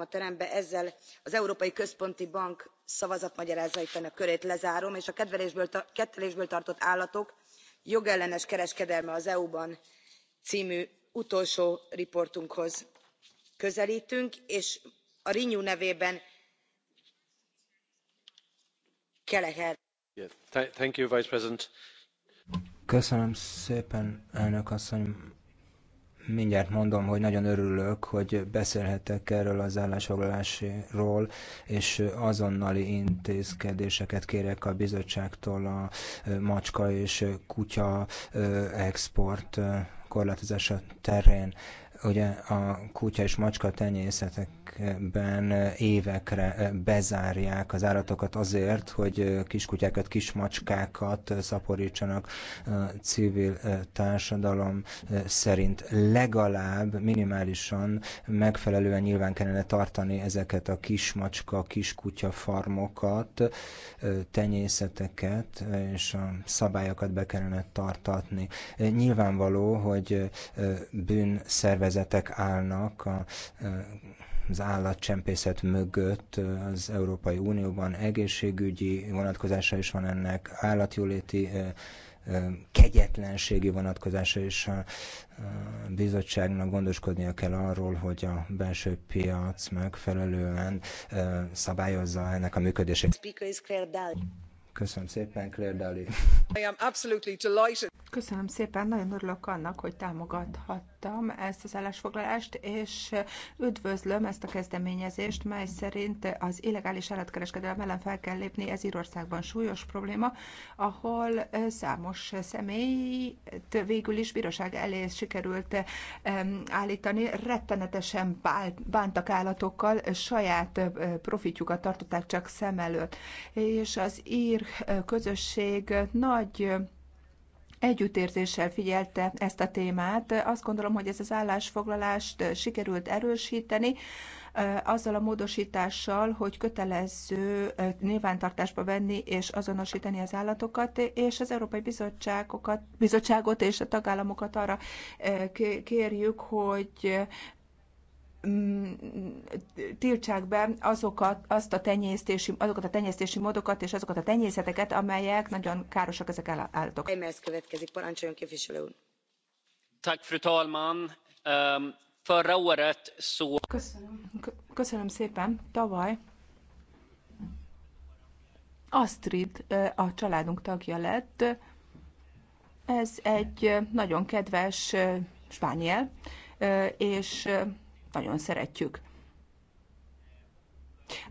a terembe ezzel az európai központi bank szavazatmagyarázatainak körét lezárom és a kettelésből tartott állatok jogellenes kereskedelme az eu ban cmű utolsó riportunkhoz közeltünk és a renew nevében kelleher köszönöm szépen elnök asszony! mindjárt mondom, hogy nagyon örülök, hogy beszélhetek erről az állásfoglalásról, és azonnali intézkedéseket kérek a bizottságtól a macska és kutya export korlátozása terén. Ugye a kutya és macska tenyészetekben évekre bezárják az állatokat azért, hogy kiskutyákat, kismacskákat szaporítsanak a civil társadalom szerint. Legalább minimálisan megfelelően nyilván kellene tartani ezeket a kismacska, kiskutya farmokat, tenyészeteket, és a szabályokat be kellene tartatni. Nyilvánvaló, hogy bűnszervezetek szervezetek állnak a, az állatcsempészet mögött az Európai Unióban. Egészségügyi vonatkozása is van ennek, állatjóléti kegyetlenségi vonatkozása is a bizottságnak gondoskodnia kell arról, hogy a belső piac megfelelően szabályozza ennek a működését. Köszönöm szépen, Claire Daly. I am absolutely delighted. Köszönöm szépen, nagyon örülök annak, hogy támogathattam ezt az állásfoglalást, és üdvözlöm ezt a kezdeményezést, mely szerint az illegális állatkereskedelem ellen fel kell lépni, ez Írországban súlyos probléma, ahol számos személyt végül is bíróság elé sikerült állítani, rettenetesen bántak állatokkal, saját profitjukat tartották csak szem előtt, és az ír közösség nagy együttérzéssel figyelte ezt a témát. Azt gondolom, hogy ez az állásfoglalást sikerült erősíteni, azzal a módosítással, hogy kötelező nyilvántartásba venni és azonosítani az állatokat, és az Európai Bizottságokat, Bizottságot és a tagállamokat arra kérjük, hogy tiltsák be azokat, azt a tenyésztési, azokat a tenyésztési módokat és azokat a tenyészeteket, amelyek nagyon károsak ezek állatok. Emels következik, parancsoljon képviselő úr. Tak, fru talman. Förra året så... Köszönöm. Köszönöm szépen. Tavaly Astrid a családunk tagja lett. Ez egy nagyon kedves spániel, és nagyon szeretjük.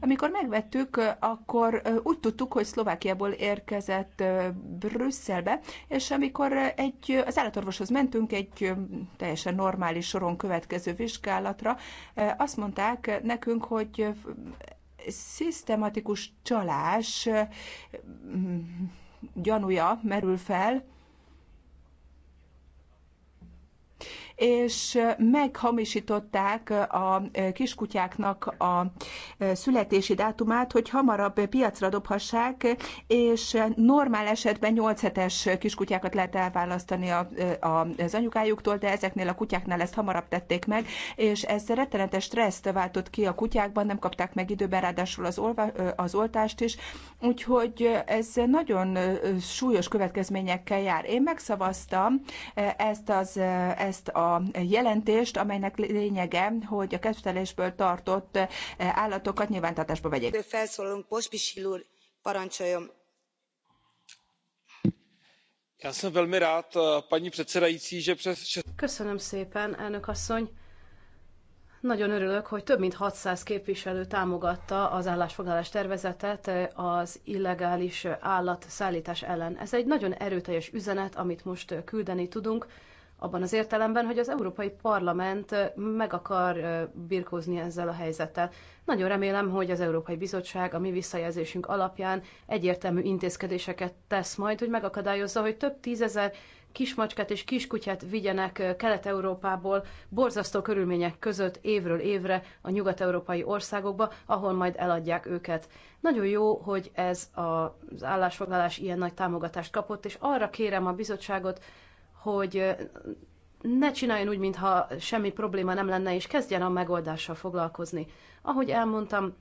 Amikor megvettük, akkor úgy tudtuk, hogy Szlovákiából érkezett Brüsszelbe, és amikor egy, az állatorvoshoz mentünk egy teljesen normális soron következő vizsgálatra, azt mondták nekünk, hogy szisztematikus csalás gyanúja merül fel, és meghamisították a kiskutyáknak a születési dátumát, hogy hamarabb piacra dobhassák, és normál esetben 8 hetes kiskutyákat lehet elválasztani a, a, az anyukájuktól, de ezeknél a kutyáknál ezt hamarabb tették meg, és ez rettenetes stresszt váltott ki a kutyákban, nem kapták meg időben ráadásul az, olva, az oltást is, úgyhogy ez nagyon súlyos következményekkel jár. Én megszavaztam eh, ezt, az, eh, ezt a a jelentést, amelynek lényege, hogy a kettelésből tartott eh, állatokat nyilvántartásba vegyék. Felszólalunk Pospisil úr, parancsoljon. rád, eh, paní Köszönöm szépen, elnök asszony. Nagyon örülök, hogy több mint 600 képviselő támogatta az állásfoglalás tervezetet eh, az illegális állatszállítás ellen. Ez egy nagyon erőteljes üzenet, amit most küldeni tudunk, abban az értelemben, hogy az Európai Parlament meg akar birkózni ezzel a helyzettel. Nagyon remélem, hogy az Európai Bizottság a mi visszajelzésünk alapján egyértelmű intézkedéseket tesz majd, hogy megakadályozza, hogy több tízezer kismacskát és kiskutyát vigyenek Kelet-Európából borzasztó körülmények között évről évre a nyugat-európai országokba, ahol majd eladják őket. Nagyon jó, hogy ez az állásfoglalás ilyen nagy támogatást kapott, és arra kérem a bizottságot, hogy ne csináljon úgy, mintha semmi probléma nem lenne, és kezdjen a megoldással foglalkozni. Ahogy elmondtam,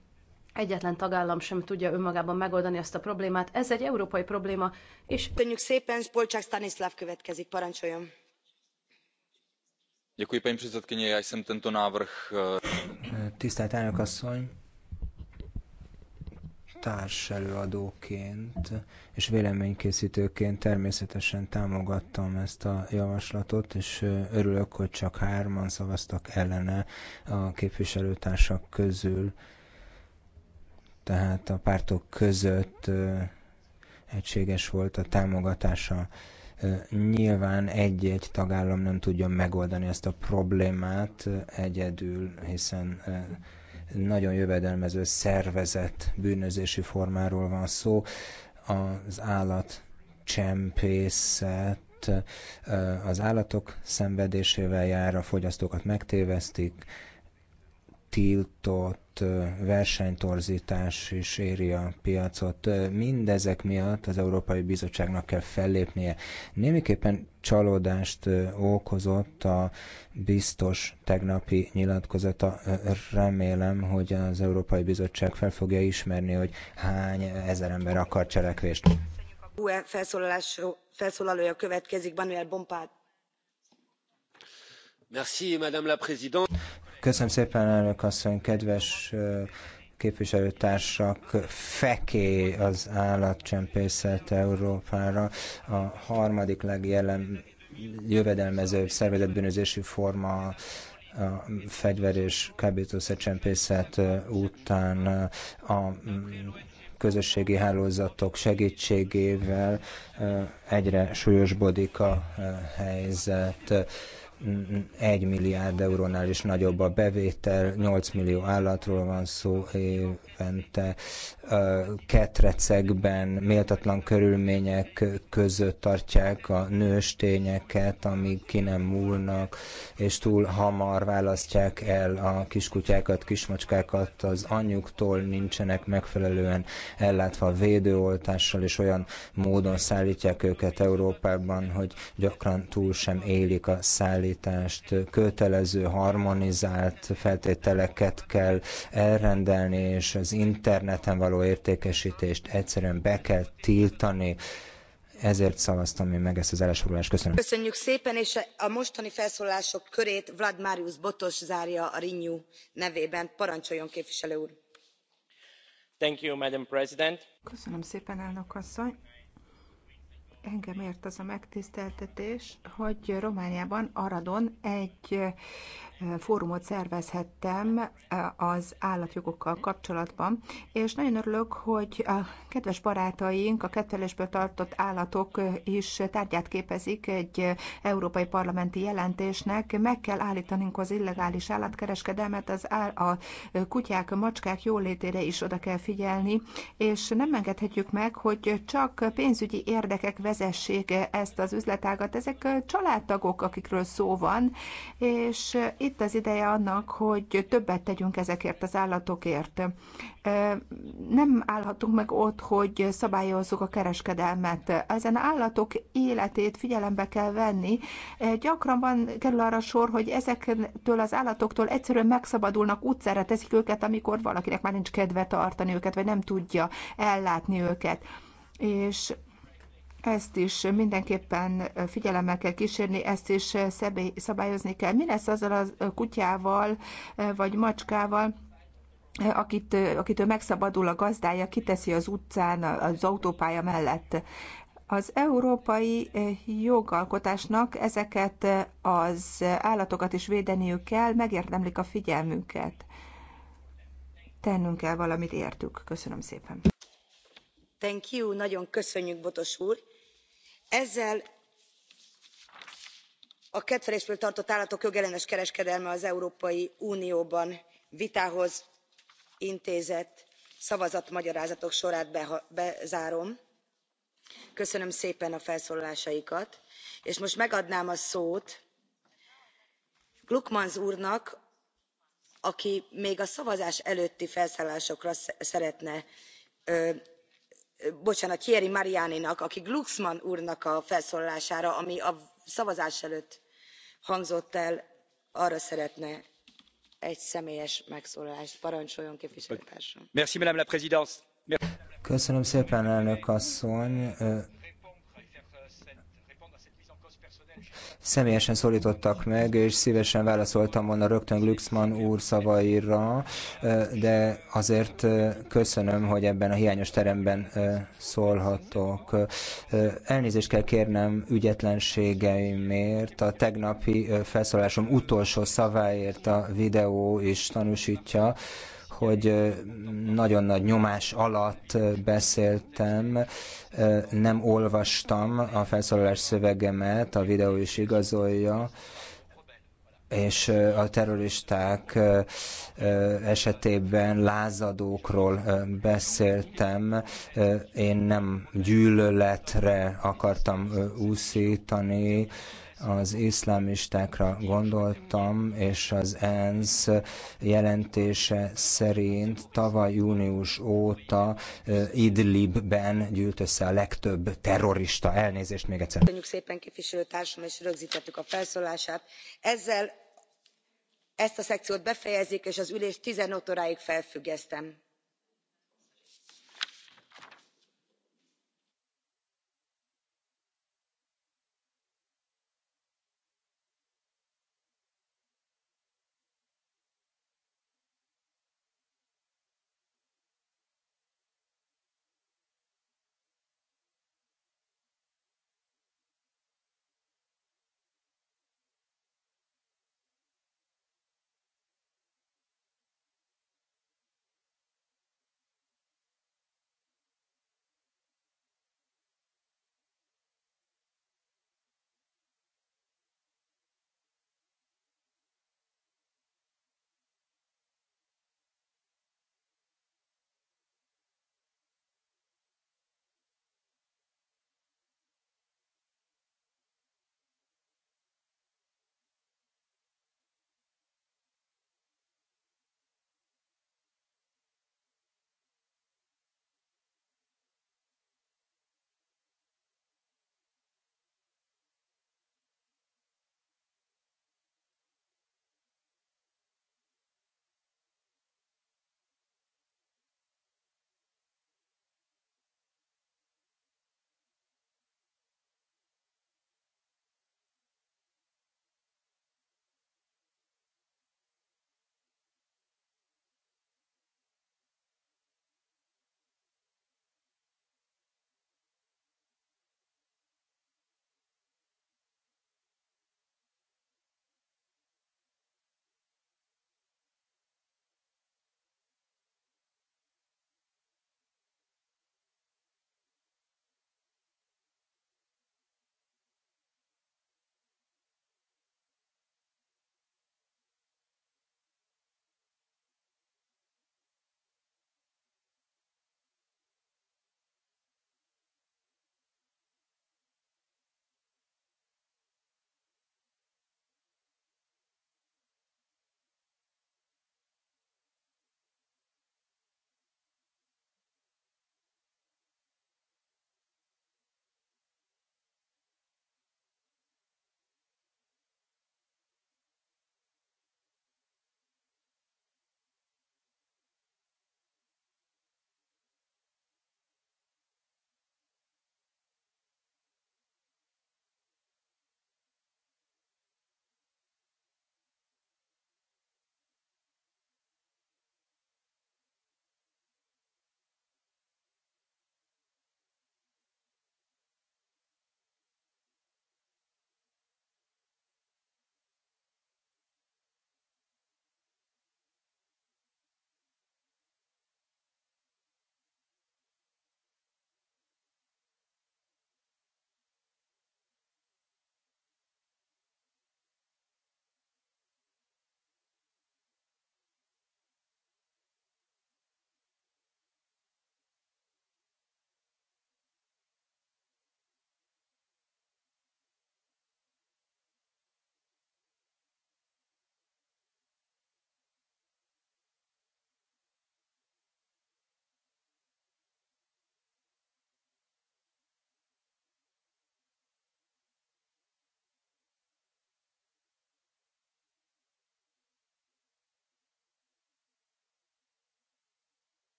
egyetlen tagállam sem tudja önmagában megoldani ezt a problémát. Ez egy európai probléma, és... Köszönjük szépen, Polcsák Stanislav következik, parancsoljon. Děkuji, paní předsedkyně, já jsem tento návrh... Tisztelt elnök asszony, társelőadóként és véleménykészítőként természetesen támogattam ezt a javaslatot, és örülök, hogy csak hárman szavaztak ellene a képviselőtársak közül, tehát a pártok között egységes volt a támogatása. Nyilván egy-egy tagállam nem tudja megoldani ezt a problémát egyedül, hiszen nagyon jövedelmező szervezet bűnözési formáról van szó. Az állat csempészet az állatok szenvedésével jár, a fogyasztókat megtévesztik, tiltott versenytorzítás is éri a piacot. Mindezek miatt az Európai Bizottságnak kell fellépnie. Némiképpen csalódást okozott a biztos tegnapi nyilatkozata. Remélem, hogy az Európai Bizottság fel fogja ismerni, hogy hány ezer ember akar cselekvést. UE felszólalója következik, Manuel Bompard. Merci, Madame la Présidente Köszönöm szépen, elnök asszony, kedves képviselőtársak, feké az állatcsempészet Európára. A harmadik legjelen jövedelmező szervezetbűnözési forma a fegyver és kábítószercsempészet után a mm, közösségi hálózatok segítségével egyre súlyosbodik a helyzet. 1 milliárd eurónál is nagyobb a bevétel, 8 millió állatról van szó évente, ketrecekben, méltatlan körülmények között tartják a nőstényeket, amíg ki nem múlnak, és túl hamar választják el a kiskutyákat, kismacskákat az anyuktól nincsenek megfelelően ellátva védőoltással, és olyan módon szállítják őket Európában, hogy gyakran túl sem élik a szállítás előállítást, kötelező, harmonizált feltételeket kell elrendelni, és az interneten való értékesítést egyszerűen be kell tiltani. Ezért szavaztam én meg ezt az állásfoglalást. Köszönöm. Köszönjük szépen, és a mostani felszólások körét Vlad Marius Botos zárja a Renew nevében. Parancsoljon, képviselő úr! You, Madam President. Köszönöm szépen, elnök asszony! engem ért az a megtiszteltetés, hogy Romániában, Aradon egy fórumot szervezhettem eh, az állatjogokkal kapcsolatban, és nagyon örülök, hogy a kedves barátaink a kettelésből tartott állatok eh, is tárgyát képezik egy eh, európai parlamenti jelentésnek. Meg kell állítanunk az illegális állatkereskedelmet, az áll, a kutyák, a macskák jólétére is oda kell figyelni, és nem engedhetjük meg, hogy csak pénzügyi érdekek vezessék ezt az üzletágat. Ezek családtagok, akikről szó van, és itt az ideje annak, hogy többet tegyünk ezekért az állatokért. Nem állhatunk meg ott, hogy szabályozzuk a kereskedelmet. Ezen állatok életét figyelembe kell venni. Gyakran van, kerül arra sor, hogy ezektől az állatoktól egyszerűen megszabadulnak, utcára teszik őket, amikor valakinek már nincs kedve tartani őket, vagy nem tudja ellátni őket. És ezt is mindenképpen figyelemmel kell kísérni, ezt is szabályozni kell. Mi lesz azzal a kutyával vagy macskával, akit, akitől megszabadul a gazdája, kiteszi az utcán, az autópálya mellett. Az európai jogalkotásnak ezeket az állatokat is védeniük kell, megérdemlik a figyelmünket. Tennünk kell valamit értük. Köszönöm szépen. Thank you. Nagyon köszönjük, Botos úr ezzel a kedvelésből tartott állatok jogellenes kereskedelme az európai unióban vitához intézett szavazatmagyarázatok sorát bezárom. köszönöm szépen a felszólalásaikat és most megadnám a szót glucksmann úrnak aki még a szavazás előtti felszólalásokra szeretne Bocsánat thierry marianinak aki glucksmann úrnak a felszólalására ami a szavazás előtt hangzott el arra szeretne egy személyes megszólalást parancsoljon képviselőtársam! köszönöm szépen elnök asszony! személyesen szólítottak meg, és szívesen válaszoltam volna rögtön Glücksmann úr szavaira, de azért köszönöm, hogy ebben a hiányos teremben szólhatok. Elnézést kell kérnem ügyetlenségeimért. A tegnapi felszólásom utolsó szaváért a videó is tanúsítja, hogy nagyon nagy nyomás alatt beszéltem, nem olvastam a felszólalás szövegemet, a videó is igazolja, és a terroristák esetében lázadókról beszéltem. Én nem gyűlöletre akartam úszítani, az iszlámistákra gondoltam, és az ENSZ jelentése szerint tavaly június óta Idlibben gyűlt össze a legtöbb terrorista. Elnézést még egyszer. Köszönjük szépen képviselőtársam, és rögzítettük a felszólását. Ezzel ezt a szekciót befejezzük, és az ülést 15 óráig felfüggesztem.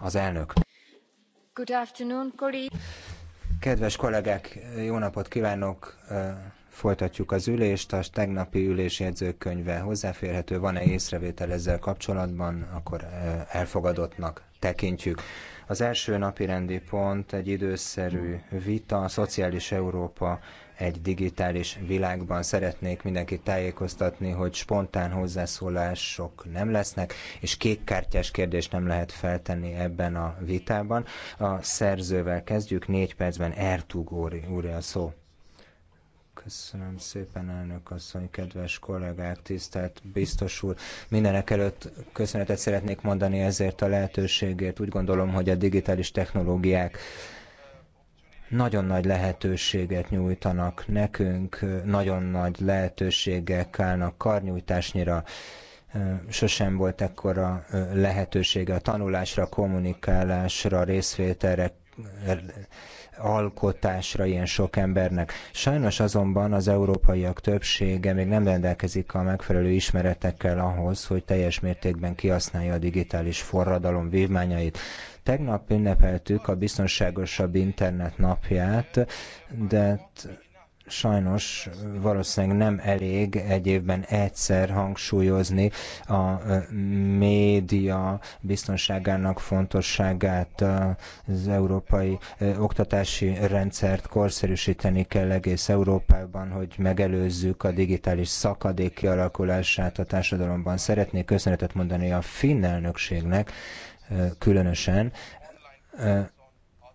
Az elnök. Kedves kollégák, jó napot kívánok! Folytatjuk az ülést. A tegnapi ülés jegyzőkönyve hozzáférhető. Van-e észrevétel ezzel kapcsolatban? Akkor elfogadottnak tekintjük. Az első napi rendi pont egy időszerű vita a Szociális Európa egy digitális világban szeretnék mindenkit tájékoztatni, hogy spontán hozzászólások nem lesznek, és kékkártyás kérdést nem lehet feltenni ebben a vitában. A szerzővel kezdjük, négy percben Ertug úr a szó. Köszönöm szépen, elnök asszony, kedves kollégák, tisztelt biztos úr. Mindenek előtt köszönetet szeretnék mondani ezért a lehetőségért. Úgy gondolom, hogy a digitális technológiák nagyon nagy lehetőséget nyújtanak nekünk, nagyon nagy lehetőségek állnak karnyújtásnyira, sosem volt ekkora lehetősége a tanulásra, kommunikálásra, részvételre, alkotásra ilyen sok embernek. Sajnos azonban az európaiak többsége még nem rendelkezik a megfelelő ismeretekkel ahhoz, hogy teljes mértékben kihasználja a digitális forradalom vívmányait. Tegnap ünnepeltük a biztonságosabb internet napját, de sajnos valószínűleg nem elég egy évben egyszer hangsúlyozni a média biztonságának fontosságát, az európai oktatási rendszert korszerűsíteni kell egész Európában, hogy megelőzzük a digitális szakadék kialakulását a társadalomban. Szeretnék köszönetet mondani a finn elnökségnek, különösen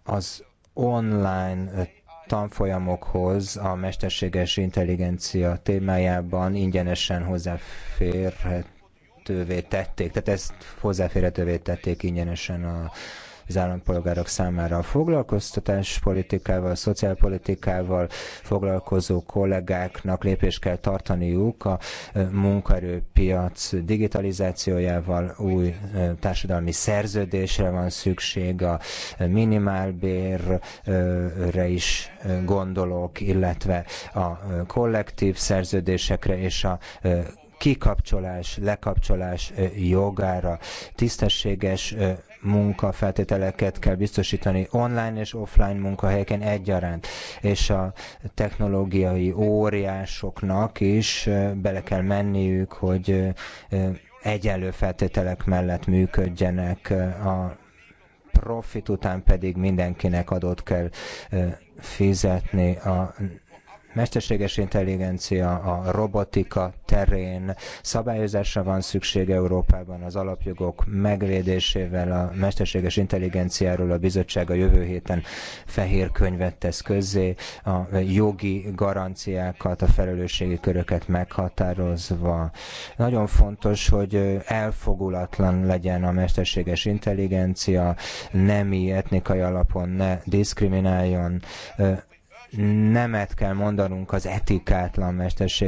az online tanfolyamokhoz a mesterséges intelligencia témájában ingyenesen hozzáférhetővé tették, tehát ezt hozzáférhetővé tették ingyenesen a az állampolgárok számára. A politikával, a szociálpolitikával foglalkozó kollégáknak lépést kell tartaniuk a munkaerőpiac digitalizációjával, új társadalmi szerződésre van szükség, a minimálbérre is gondolok, illetve a kollektív szerződésekre és a kikapcsolás, lekapcsolás jogára. Tisztességes munkafeltételeket kell biztosítani online és offline munkahelyeken egyaránt, és a technológiai óriásoknak is bele kell menniük, hogy egyenlő feltételek mellett működjenek a profit után pedig mindenkinek adót kell fizetni a mesterséges intelligencia, a robotika terén szabályozásra van szükség Európában az alapjogok megvédésével, a mesterséges intelligenciáról a bizottság a jövő héten fehér könyvet tesz közzé, a jogi garanciákat, a felelősségi köröket meghatározva. Nagyon fontos, hogy elfogulatlan legyen a mesterséges intelligencia, nemi, etnikai alapon ne diszkrimináljon, nemet kell mondanunk az etikátlan mesterséges